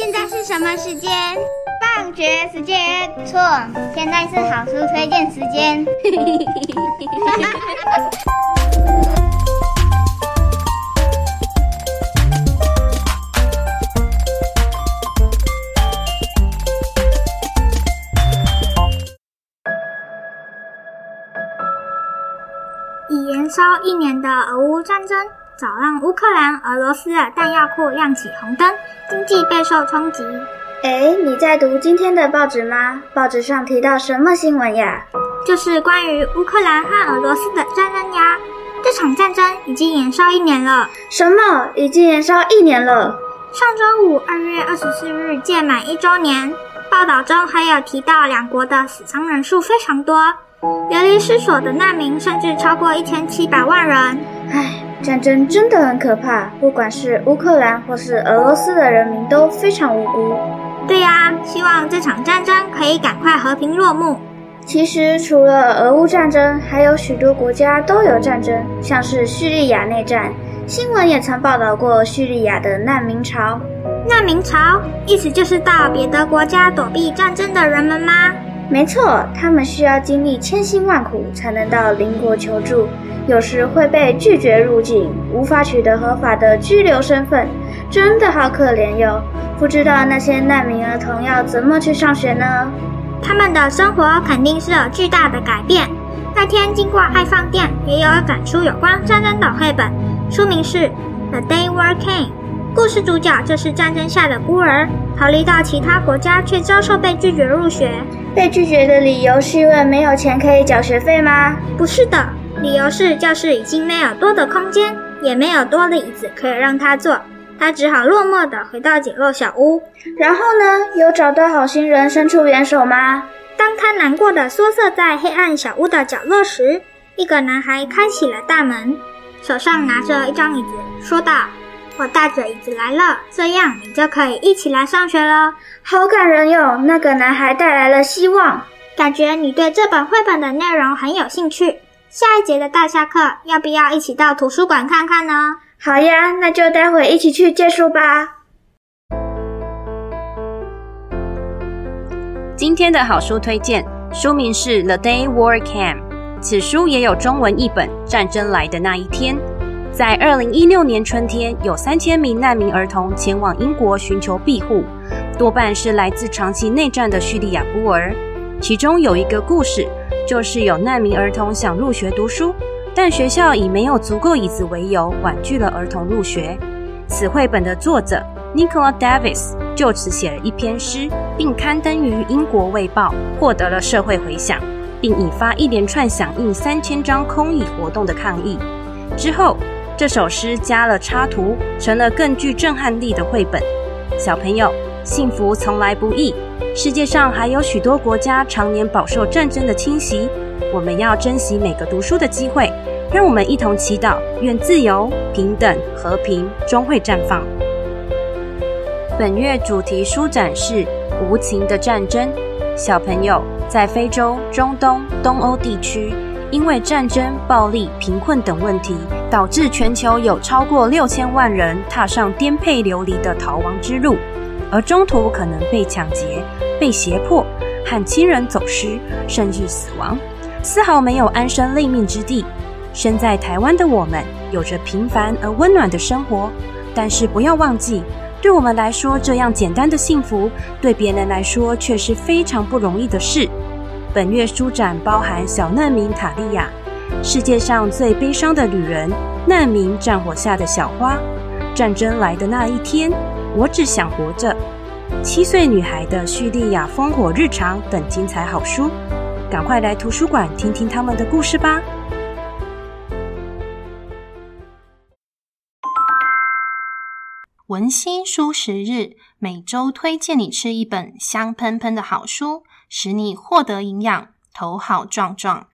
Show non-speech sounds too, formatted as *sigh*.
現在是什麼時間？放學時間。錯，現在是好書推薦時間。哈哈 *laughs* *laughs* 已延燒一年的俄烏戰爭。早讓烏克蘭、俄羅斯的彈藥庫亮起紅燈，經濟備受衝擊。誒，你在讀今天的報紙嗎？報紙上提到什麼新聞呀？就是關於烏克蘭和俄羅斯的戰爭呀。這場戰爭已經延燒一年了。什麼？已經延燒一年了？上週五二月二十四日屆滿一週年。報道中還有提到兩國的死傷人數非常多，流離失所的難民甚至超過一千七百萬人。唉。戰爭真的很可怕，不管是烏克蘭或是俄羅斯的人民都非常無辜。對呀，希望這場戰爭可以趕快和平落幕。其實除了俄烏戰爭，還有許多國家都有戰爭，像是敘利亞內戰，新聞也曾報道過敘利亞的難民潮。難民潮，意思就是到別的國家躲避戰爭的人們嗎？沒錯，他們需要經歷千辛萬苦才能到鄰國求助，有時會被拒絕入境，無法取得合法的居留身份，真的好可憐喲！不知道那些難民兒童要怎麼去上學呢？他們的生活肯定是有巨大的改變。那天經過愛放店，也有展出有關戰爭的繪本，書名是《The Day War Came》。故事主角就是戰爭下的孤兒，逃離到其他國家，卻遭受被拒絕入學。被拒絕的理由是因為沒有錢可以繳學費嗎？不是的，理由是教室已經沒有多的空間，也沒有多的椅子可以讓他坐，他只好落寞的回到簡陋小屋。然後呢，有找到好心人伸出援手嗎？當他難過的縮色在黑暗小屋的角落時，一個男孩開啟了大門，手上拿着一張椅子，說道。我帶著椅子來了，這樣你就可以一起來上學了。好感人喲！那個男孩帶來了希望，感覺你對這本繪本的內容很有興趣。下一節的大下課，要不要一起到圖書館看看呢？好呀，那就待會一起去借書吧。今天的好書推薦，書名是《The Day War Came》，此書也有中文譯本《戰爭來的那一天》。在二零一六年春天，有三千名難民兒童前往英國尋求庇護，多半是來自長期內戰的敘利亞孤兒。其中有一個故事，就是有難民兒童想入學讀書，但學校以沒有足夠椅子為由婉拒了兒童入學。此繪本的作者 Nicola Davies 就此寫了一篇詩，並刊登於英國衛報，獲得了社會回響，並引發一連串響應“三千張空椅”活動的抗議。之後，這首詩加了插圖，成了更具震撼力的繪本。小朋友，幸福從來不易。世界上還有許多國家常年飽受戰爭的侵襲，我們要珍惜每個讀書的機會。讓我們一同祈禱，願自由、平等、和平終會綻放。本月主題書展是《無情的戰爭》。小朋友，在非洲、中東、東歐地區，因為戰爭、暴力、貧困等問題，導致全球有超過六千萬人踏上顛沛流離的逃亡之路，而中途可能被搶劫、被脅迫，和親人走失，甚至死亡，絲毫沒有安身立命之地。身在台灣的我們，有着平凡而溫暖的生活，但是不要忘記，對我們來說這樣簡單的幸福，對別人來說卻是非常不容易的事。本月書展包含《小難民塔利亞》，世界上最悲傷的女人，《難民戰火下的小花》，《戰爭來的那一天》，我只想活着，《七歲女孩的敘利亞烽火日常》等精彩好書，趕快來圖書館聽聽他們的故事吧！文欣書食日，每周推薦你吃一本香噴噴的好書，使你獲得營養，頭好壯壯。